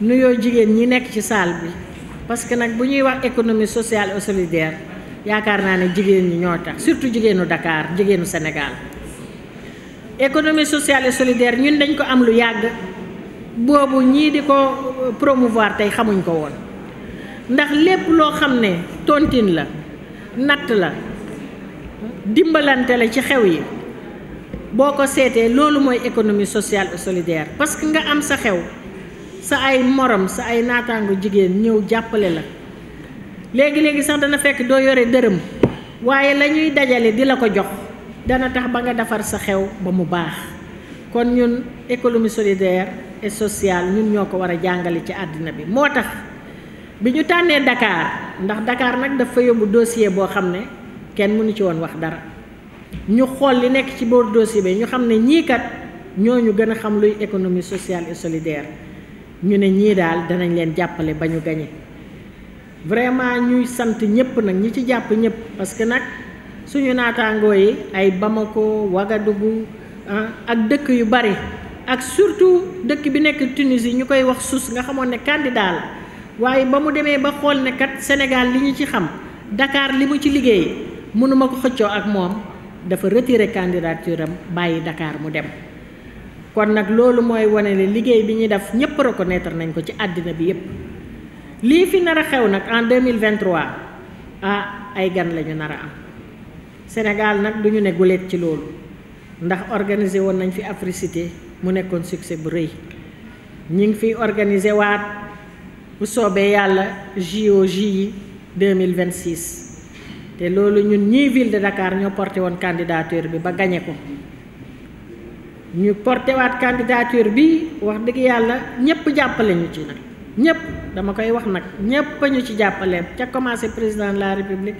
nuyoo jigéen ñi nekk ci salle bi parce que nag bu ñuy wax économie sociale et solidaire yaakaar naa ne jigéen ñi ñoo tax surtout jigéenu Dakar jigéenu senegal économie sociale et solidaire ñun dañ ko am lu yàgg boobu ñii di ko promouvoir tey xamuñ ko woon ndax lépp loo xam ne tontine la natt la dimbalante la ci xew yi boo ko seetee loolu mooy économie sociale et solidaire parce que nga am sa xew sa ay morom sa ay natangu jigen ñew jàppale la léegi léegi sax dana fekk do yoré deureum waye lañuy dajalé dajale ko jox dana tax ba nga dafar sa xew ba mu baax kon ñun économie solidaire et sociale ñun ñoko wara jangalé ci adina bi motax biñu bi Dakar ndax Dakar da fa yóbbu dossier bo xamné ne kenn mënu ci won wax dara ñu xol li nekk ci boor dossier bi ñu xamné ñi kat ñoñu gëna xam luy économie sociale et solidaire ñu ne ñii daal danañ leen jàppale ba ñu gañe vraiment ñuy sant ñëpp nag ñi ci jàpp ñëpp parce que nag suñu naataangoo yi ay Bamako Ouagadougou ah, ak dëkk yu bari ak surtout dëkk bi nekk Tunisie ñu koy wax suus nga xamoon ne candidat la waaye ba mu demee ba xool ne kat Sénégal li ñu ci xam dakaar li mu ci liggéey mënuma ko xëccoo ak moom dafa retirer candidature am bàyyi dakaar mu dem kon nag loolu mooy wane ne liggéey bi ñuy def ñëpp reconnaître nañ ko ci àddina bi yëpp lii fi nar a xew nag en 2023 ah ay gan lañu ñu nar a am Sénégal nag du ñu ne guléet ci loolu ndax organiser woon nañ fi Africité mu nekkoon succès bu rëy ñi ngi fiy organiser waat bu soobee yàlla JOJ yi 2026 te loolu ñun ñii ville de Dakar ñoo porté woon candidature bi ba gañe ko ñu porté waat candidature bi wax dëgg yàlla ñëpp jàppale ñu ci nag ñëpp dama koy wax nag ñëpp ñu ci jàppale ca commencé président la république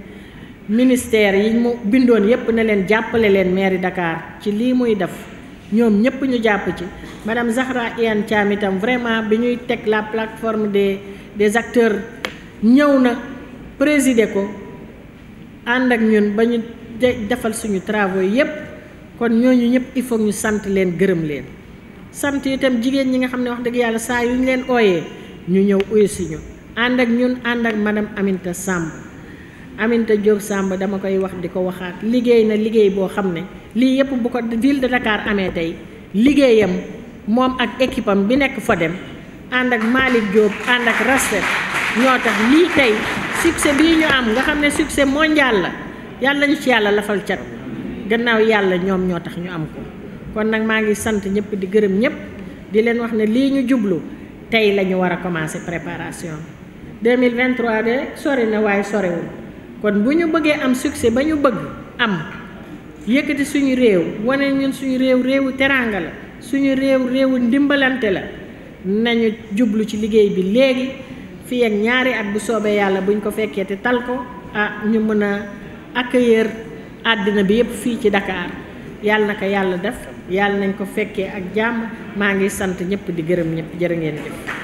ministère yi mu bindoon yëpp ne leen jàppale leen mairie Dakar ci lii muy def ñoom ñëpp ñu jàpp ci madame Zahra Iyane Thiam itam vraiment bi ñuy teg la plateforme de des acteurs ñëw na présider ko ànd ak ñun ba ñu defal suñu travaux yëpp. kon ñoñu ñep il faut ñu sant leen gërëm leen sant itam jigeen ñi nga xamne wax deug yalla sa yu ñu leen oyé ñu ñew uyu si ñu ak ñun and ak madame Aminta Samb Aminta jog Samb dama koy wax diko waxat liggey na liggey bo xamne ne yep bu ko ville de Dakar amé tay liggeyam mom ak équipe am bi nek fa dem and ak malik job and ak rasset ñoo tax li tay succès bi ñu am nga xamne succès mondial la yalla ñu ci lafal ci gannaaw yàlla ñoom ñoo tax ñu am ko kon nag maa ngi di gërëm nyep. di leen wax ne ñu jublu tey la ñu war a préparation 2023 de sori na waaye sorewul kon am succès ba bëgg am yëkkati suñu réew wane ñun suñu réew réewu teranga la suñu réew réewu ndimbalante la nañu jublu ci liggéey bi léegi fii ak ñaari at bu soobee yàlla buñ ko tal ko ah ñu a accueillir àddina bi yëpp fii ci dakaar yàlla na ko yàlla def yàlla nañ ko fekkee ak jàmm maa ngi sant ñëpp di gërëm ñëpp jërë ngeen